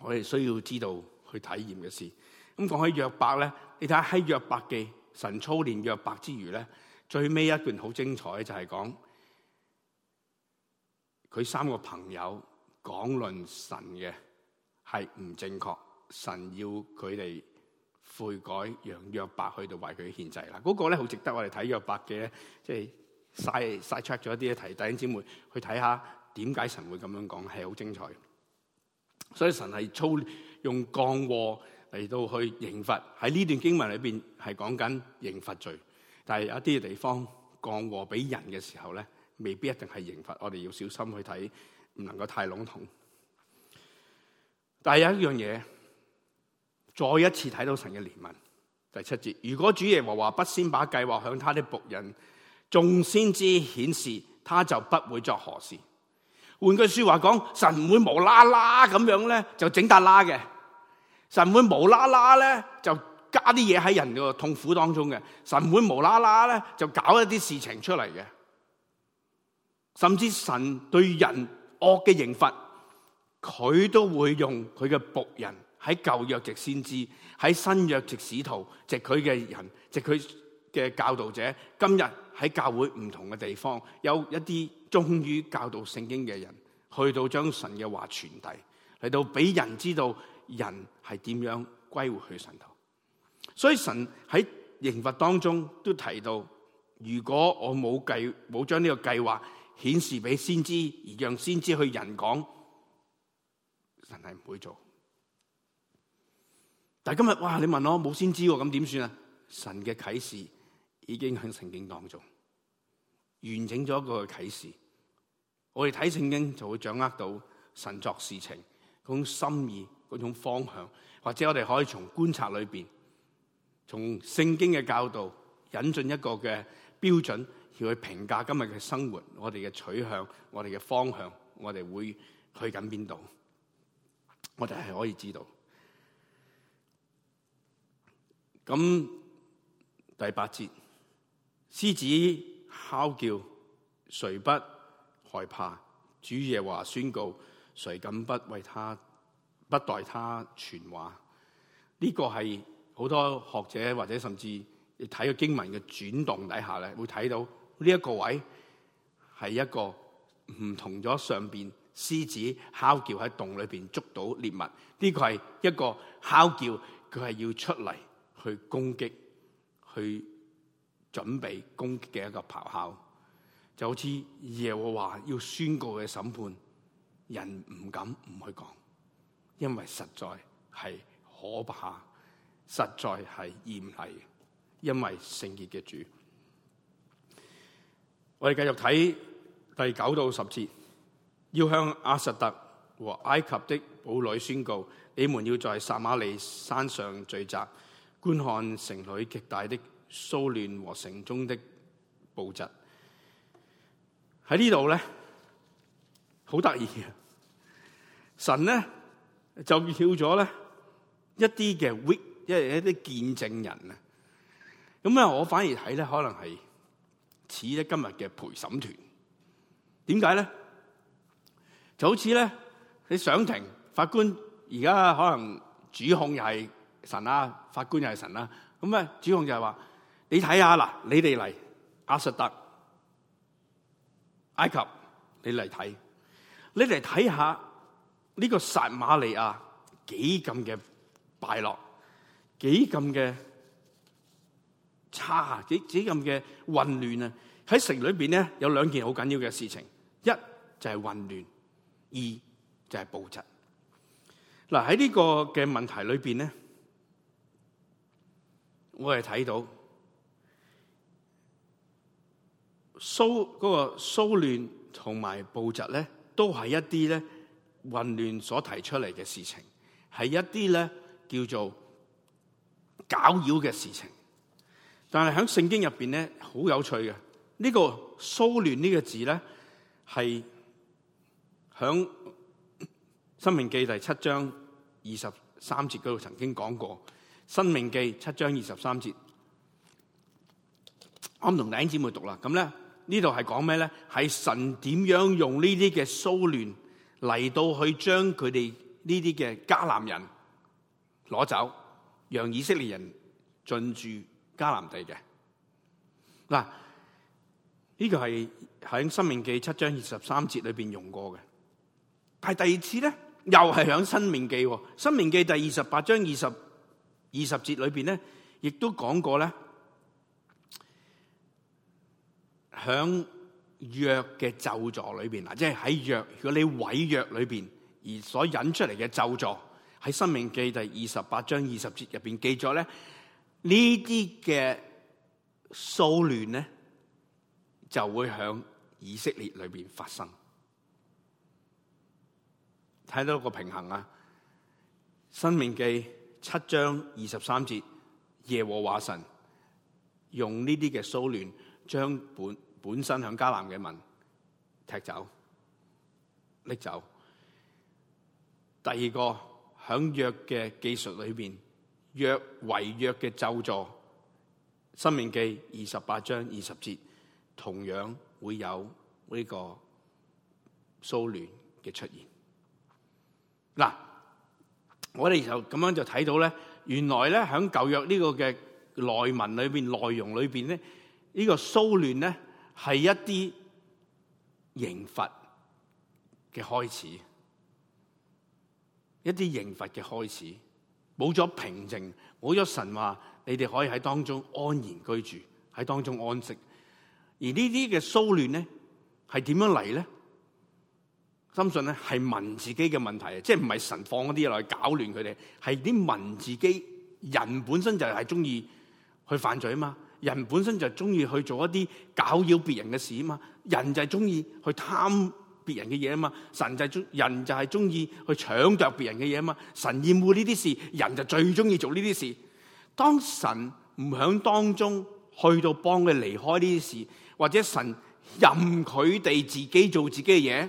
我哋需要知道去體驗嘅事。咁講起約伯咧，你睇下，喺約伯記神操練約伯之餘咧，最尾一段好精彩就係講佢三個朋友講論神嘅係唔正確，神要佢哋悔改，讓約伯去到為佢獻祭啦。嗰、那個咧好值得我哋睇約伯嘅，即係晒曬 check 咗一啲嘅題，弟兄姊妹去睇下。點解神會咁樣講係好精彩？所以神係操用降禍嚟到去刑罰喺呢段經文裏邊係講緊刑罰罪，但係一啲地方降禍俾人嘅時候咧，未必一定係刑罰。我哋要小心去睇，唔能夠太籠統。但係有一樣嘢，再一次睇到神嘅憐憫。第七節，如果主耶和華不先把計劃向他的僕人，眾先知顯示，他就不會作何事。換句話說話講，神唔會無啦啦咁樣咧就整笪啦嘅，神唔會無啦啦咧就加啲嘢喺人嘅痛苦當中嘅，神唔會無啦啦咧就搞一啲事情出嚟嘅，甚至神對人惡嘅刑罰，佢都會用佢嘅僕人喺舊約籍先知，喺新約籍使徒，籍佢嘅人，籍佢嘅教導者，今日喺教會唔同嘅地方有一啲。終於教導聖經嘅人，去到將神嘅話傳遞，嚟到俾人知道人係點樣歸回去神度。所以神喺刑罰當中都提到，如果我冇計冇將呢個計劃顯示俾先知，而讓先知去人講，神係唔會做。但係今日，哇！你問我冇先知，咁點算啊？神嘅啟示已經喺聖經當中。完整咗一個啟示，我哋睇聖經就會掌握到神作事情嗰種心意，嗰種方向，或者我哋可以從觀察裏邊，從聖經嘅教導引進一個嘅標準，要去評價今日嘅生活，我哋嘅取向，我哋嘅方向，我哋會去緊邊度，我哋係可以知道。咁第八節，獅子。敲叫，誰不害怕？主耶和華宣告，誰敢不為他不代他傳話？呢、這個係好多學者或者甚至你睇個經文嘅轉動底下咧，會睇到呢一個位係一個唔同咗上邊獅子敲叫喺洞裏邊捉到獵物。呢、這個係一個敲叫，佢係要出嚟去攻擊去。準備攻擊嘅一個咆哮，就好似耶和華要宣告嘅審判，人唔敢唔去講，因為實在係可怕，實在係嚴厲，因為聖潔嘅主。我哋繼續睇第九到十節，要向亞實突和埃及的堡壘宣告，你們要在撒馬利山上聚集，觀看城裏極大的。騷亂和城中的暴疾，喺呢度咧，好得意啊！神咧就叫咗咧一啲嘅 Witness，一啲見證人啊！咁咧我反而睇咧，可能係似咧今日嘅陪審團。點解咧？就好似咧你上庭，法官而家可能主控又係神啦，法官又係神啦，咁咧主控就係話。你睇下啦，你哋嚟亞實突埃及，你嚟睇，你嚟睇下呢個撒馬利亞幾咁嘅敗落，幾咁嘅差，幾幾咁嘅混亂啊！喺城裏邊咧，有兩件好緊要嘅事情，一就係混亂，二就係暴政。嗱，喺呢個嘅問題裏邊咧，我係睇到。蘇、那、嗰個騷亂同埋暴疾咧，都係一啲咧混亂所提出嚟嘅事情，係一啲咧叫做攪擾嘅事情。但係喺聖經入邊咧，好有趣嘅。呢、這個騷亂呢個字咧，係喺《申命記》第七章二十三節嗰度曾經講過，《申命記》七章二十三節，我唔同弟兄姊妹讀啦。咁咧。這裏是說什麼，呢度係講咩咧？係神點樣用呢啲嘅擾亂嚟到去將佢哋呢啲嘅迦南人攞走，讓以色列人進駐迦南地嘅。嗱、這個，呢個係喺《申命記》七章二十三節裏邊用過嘅，但係第二次咧，又係喺《申命記》《申命記》第二十八章二十二十節裏邊咧，亦都講過咧。響約嘅咒詛裏邊啊，即係喺約如果你毀約裏邊而所引出嚟嘅咒詛，喺《申命記，第28章20記》第二十八章二十節入邊記咗咧，呢啲嘅騷亂咧就會響以色列裏邊發生。睇到一個平衡啊，《申命記》七章二十三節，耶和華神用呢啲嘅騷亂將本。本身向迦南嘅民踢走、拎走。第二個響約嘅記述裏邊，約違約嘅咒詛。申命記二十八章二十節，同樣會有呢個騷亂嘅出現。嗱，我哋就咁樣就睇到咧，原來咧響舊約呢個嘅內文裏邊、內容裏邊咧，呢個騷亂咧，係一啲刑罰嘅開始，一啲刑罰嘅開始，冇咗平靜，冇咗神話，你哋可以喺當中安然居住，喺當中安息。而呢啲嘅騷亂咧，係點樣嚟咧？深信咧係民自己嘅問題，即係唔係神放嗰啲嘢落去搞亂佢哋，係啲民自己人本身就係中意去犯罪啊嘛。人本身就中意去做一啲搞擾別人嘅事啊嘛，人喜歡人事嘛、就是，人就係中意去貪別人嘅嘢啊嘛，神就係中人就係中意去搶奪別人嘅嘢啊嘛，神厭惡呢啲事，人就最中意做呢啲事。當神唔響當中去到幫佢離開呢啲事，或者神任佢哋自己做自己嘅嘢，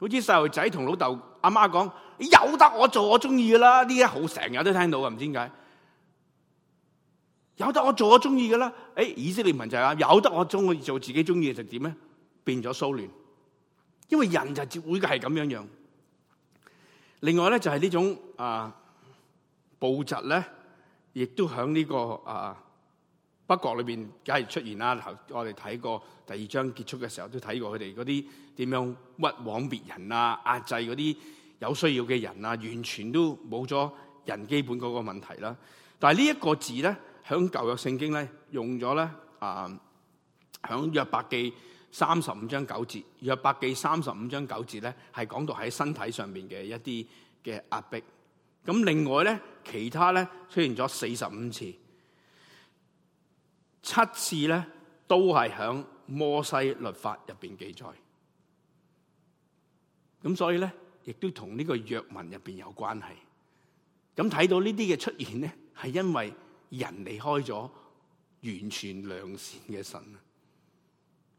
好似細路仔同老豆阿媽講，有得我做我中意噶啦，呢一好成日都聽到嘅，唔知點解。有得我做我中意嘅啦，誒、欸，以色列文就族、是、啊，有得我中意做自己中意嘅，就點咧？變咗蘇聯，因為人就接會嘅係咁樣樣。另外咧就係、是啊、呢種、這個、啊暴疾咧，亦都響呢個啊北國裏邊，梗係出現啦。我哋睇過第二章結束嘅時候都睇過佢哋嗰啲點樣屈枉別人啊，壓制嗰啲有需要嘅人啊，完全都冇咗人基本嗰個問題啦。但係呢一個字咧。喺舊約聖經咧用咗咧啊，喺約伯記三十五章九節，約伯記三十五章九節咧係講到喺身體上面嘅一啲嘅壓迫。咁另外咧，其他咧出現咗四十五次，七次咧都係喺摩西律法入邊記載。咁所以咧，亦都同呢個約文入邊有關係。咁睇到呢啲嘅出現咧，係因為。人離開咗完全良善嘅神，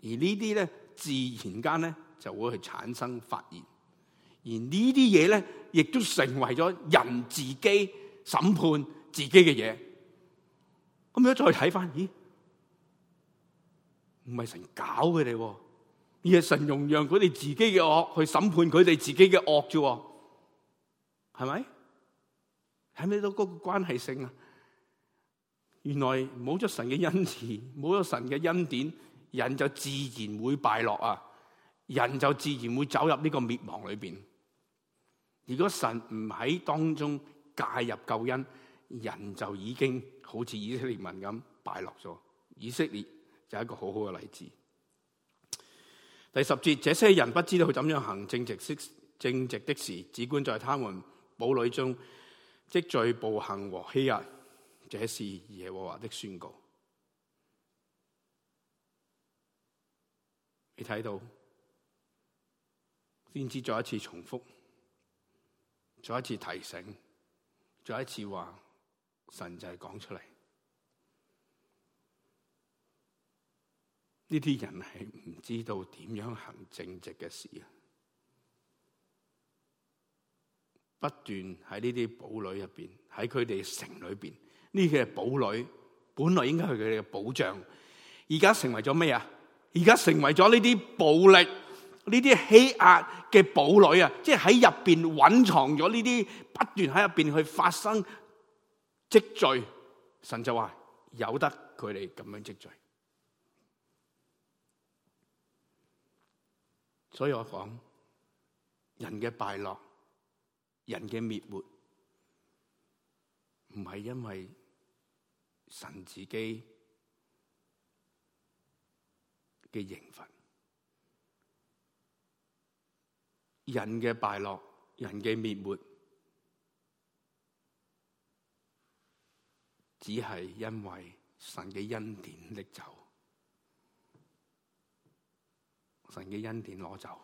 而這些呢啲咧自然間咧就會去產生發現，而這些東西呢啲嘢咧亦都成為咗人自己審判自己嘅嘢。咁樣再睇翻，咦？唔係神搞佢哋，而係神容讓佢哋自己嘅惡去審判佢哋自己嘅惡啫，係咪？係咪都嗰個關係性啊？原來冇咗神嘅恩賜，冇咗神嘅恩典，人就自然會敗落啊！人就自然會走入呢個滅亡裏邊。如果神唔喺當中介入救恩，人就已經好似以色列民咁敗落咗。以色列就係一個好好嘅例子。第十節，這些人不知道怎樣行正直、正直的事，只管在他們堡壘中積聚暴行和欺壓。這是耶和華的宣告。你睇到，先知再一次重複，再一次提醒，再一次話神就係講出嚟。呢啲人係唔知道點樣行正直嘅事。不斷喺呢啲堡壘入邊，喺佢哋城裏邊。呢、這個堡壘本來應該係佢哋嘅保障，而家成為咗咩啊？而家成為咗呢啲暴力、呢啲欺壓嘅堡壘啊！即係喺入邊蘊藏咗呢啲不斷喺入邊去發生積聚，甚至話由得佢哋咁樣積聚。所以我講，人嘅敗落、人嘅滅活，唔係因為。神自己嘅刑罰，人嘅敗落，人嘅滅沒，只係因為神嘅恩典拎走，神嘅恩典攞走。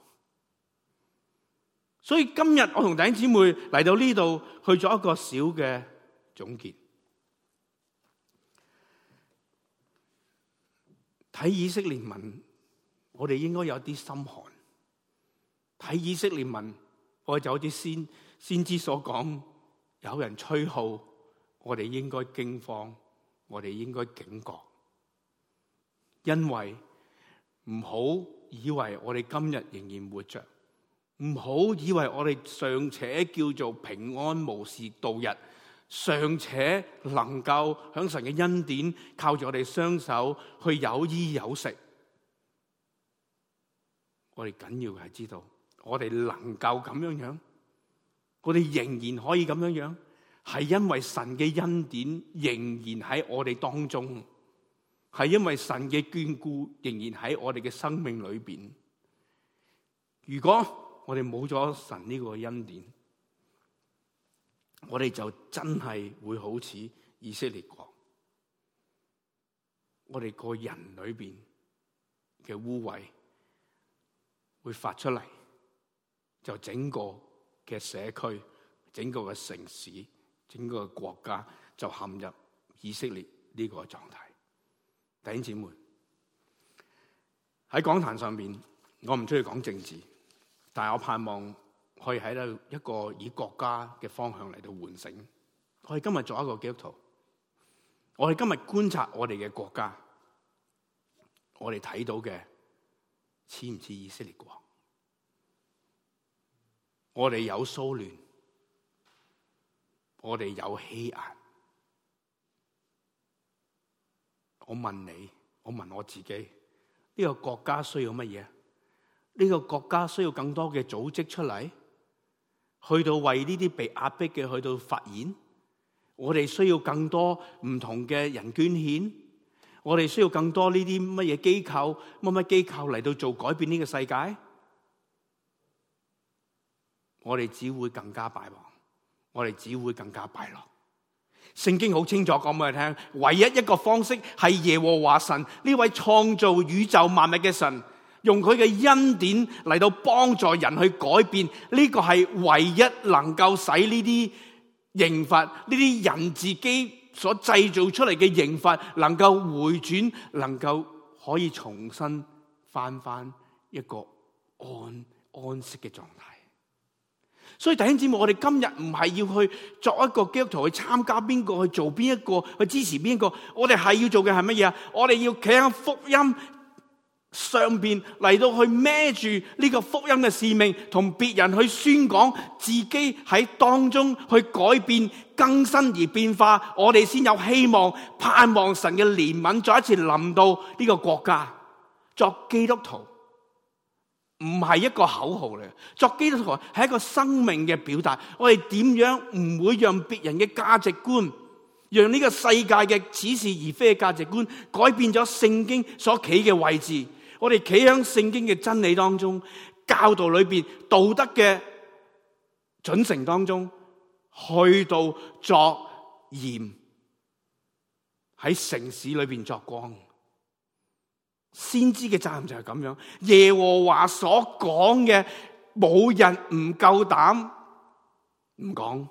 所以今日我同弟兄姊妹嚟到呢度，去做一個小嘅總結。睇以色列民，我哋應該有啲心寒；睇以色列民，我哋就好似先先知所講：有人吹號，我哋應該驚慌，我哋應該警覺。因為唔好以為我哋今日仍然活着，唔好以為我哋尚且叫做平安無事度日。尚且能夠喺神嘅恩典靠住我哋雙手去有衣有食，我哋緊要係知道我哋能夠咁樣樣，我哋仍然可以咁樣樣，係因為神嘅恩典仍然喺我哋當中，係因為神嘅眷顧仍然喺我哋嘅生命裏邊。如果我哋冇咗神呢個恩典。我哋就真係會好似以色列國，我哋個人裏邊嘅污穢會發出嚟，就整個嘅社區、整個嘅城市、整個國家就陷入以色列呢個狀態。弟兄姊妹，喺講壇上面，我唔中意講政治，但係我盼望。可以喺度一個以國家嘅方向嚟到喚醒。我哋今日做一個基督徒，我哋今日觀察我哋嘅國家，我哋睇到嘅似唔似以色列國？我哋有騷亂，我哋有欺壓。我問你，我問我自己：呢個國家需要乜嘢？呢個國家需要更多嘅組織出嚟？去到為呢啲被壓迫嘅，去到發現我哋需要更多唔同嘅人捐獻，我哋需要更多呢啲乜嘢機構、乜乜機構嚟到做改變呢個世界，我哋只會更加敗亡，我哋只會更加敗落。聖經好清楚講俾你聽，唯一一個方式係耶和華神呢位創造宇宙萬物嘅神。用佢嘅恩典嚟到幫助人去改變，呢個係唯一能夠使呢啲刑罰，呢啲人自己所製造出嚟嘅刑罰，能夠回轉，能夠可以重新翻翻一個安安息嘅狀態。所以弟兄姊妹，我哋今日唔係要去做一個基督徒去參加邊個，去做邊一個，去支持邊個，我哋係要做嘅係乜嘢啊？我哋要企喺福音。上面嚟到去孭住呢個福音嘅使命，同別人去宣講，自己喺當中去改變、更新而變化，我哋先有希望，盼望神嘅憐憫再一次臨到呢個國家。作基督徒唔係一個口號嚟，作基督徒係一個生命嘅表達。我哋點樣唔會讓別人嘅價值觀，讓呢個世界嘅似是而非嘅價值觀改變咗聖經所企嘅位置？我哋企喺聖經嘅真理當中，教導裏邊道德嘅準繩當中，去到作鹽喺城市裏邊作光。先知嘅責任就係咁樣，耶和華所講嘅，冇人唔夠膽唔講。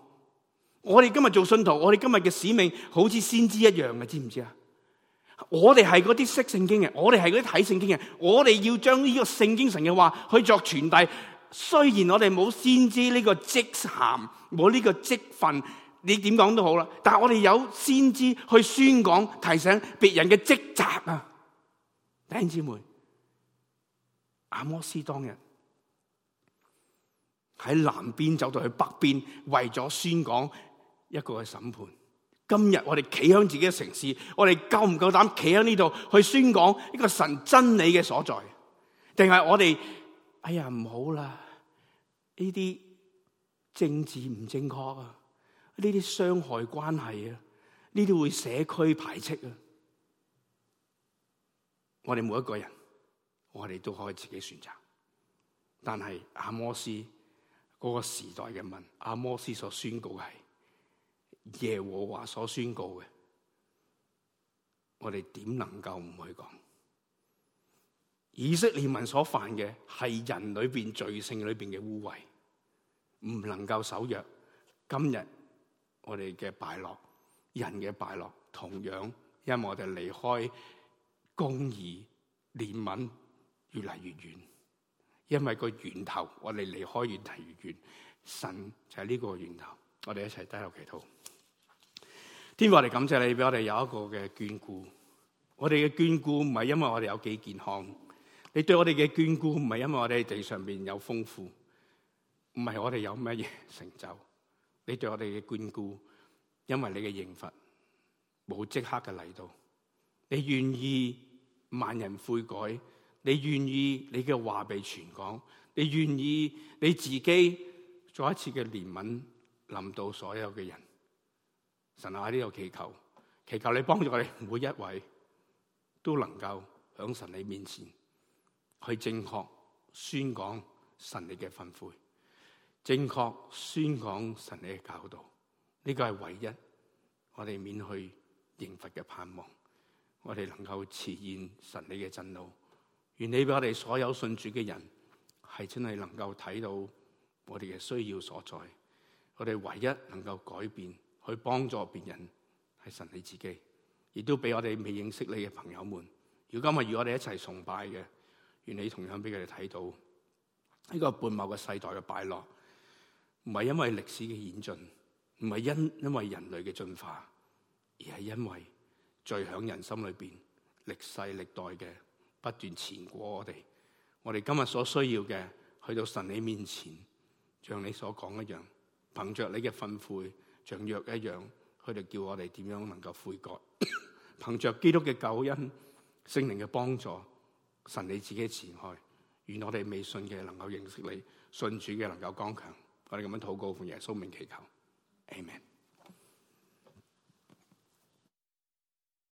我哋今日做信徒，我哋今日嘅使命，好似先知一樣嘅，知唔知啊？我哋係嗰啲識聖經嘅，我哋係嗰啲睇聖經嘅，我哋要將呢個聖經神嘅話去作傳遞。雖然我哋冇先知呢個職銜，冇呢個職份，你點講都好啦，但係我哋有先知去宣講提醒別人嘅職責啊！弟兄姊妹，阿摩司當日喺南邊走到去北邊，為咗宣講一個嘅審判。今日我哋企向自己嘅城市，我哋夠唔夠膽企喺呢度去宣講呢個神真理嘅所在？定係我哋哎呀，唔好啦，呢啲政治唔正確啊，呢啲傷害關係啊，呢啲會社區排斥啊。我哋每一個人，我哋都可以自己選擇。但係阿摩斯嗰個時代嘅問，阿摩斯所宣告嘅係。耶和華所宣告嘅，我哋點能夠唔去講？以色列民所犯嘅係人裏邊罪性裏邊嘅污穢，唔能夠守約。今日我哋嘅敗落，人嘅敗落，同樣因為我哋離開公義、憐憫越嚟越遠。因為個源頭，我哋離開越嚟越遠。神就係呢個源頭，我哋一齊低頭祈禱。天我哋感謝你俾我哋有一個嘅眷顧，我哋嘅眷顧唔係因為我哋有幾健康，你對我哋嘅眷顧唔係因為我哋喺地上邊有豐富，唔係我哋有乜嘢成就。你對我哋嘅眷顧，因為你嘅刑罰冇即刻嘅嚟到，你願意萬人悔改，你願意你嘅話被傳講，你願意你自己再一次嘅憐憫臨到所有嘅人。神啊！喺呢度祈求，祈求你幫助我哋每一位都能夠喺神你面前去正確宣講神你嘅吩咐，正確宣講神你嘅教導。呢個係唯一我哋免去刑罰嘅盼望。我哋能夠實現神你嘅震怒，願你俾我哋所有信主嘅人係真係能夠睇到我哋嘅需要所在。我哋唯一能夠改變。去幫助別人係神你自己，亦都俾我哋未認識你嘅朋友們。如果今日與我哋一齊崇拜嘅，願你同樣俾佢哋睇到呢、這個半茂嘅世代嘅敗落，唔係因為歷史嘅演進，唔係因因為人類嘅進化，而係因為聚響人心裏邊歷世歷代嘅不斷前過我哋。我哋今日所需要嘅去到神你面前，就像你所講一樣，憑着你嘅憤悔。像約一樣，佢哋叫我哋點樣能夠悔改？憑 <coughs> 着基督嘅救恩、聖靈嘅幫助，神你自己的前害。願我哋未信嘅能夠認識你，信主嘅能夠剛強。我哋咁樣禱告，奉耶穌名祈求，amen。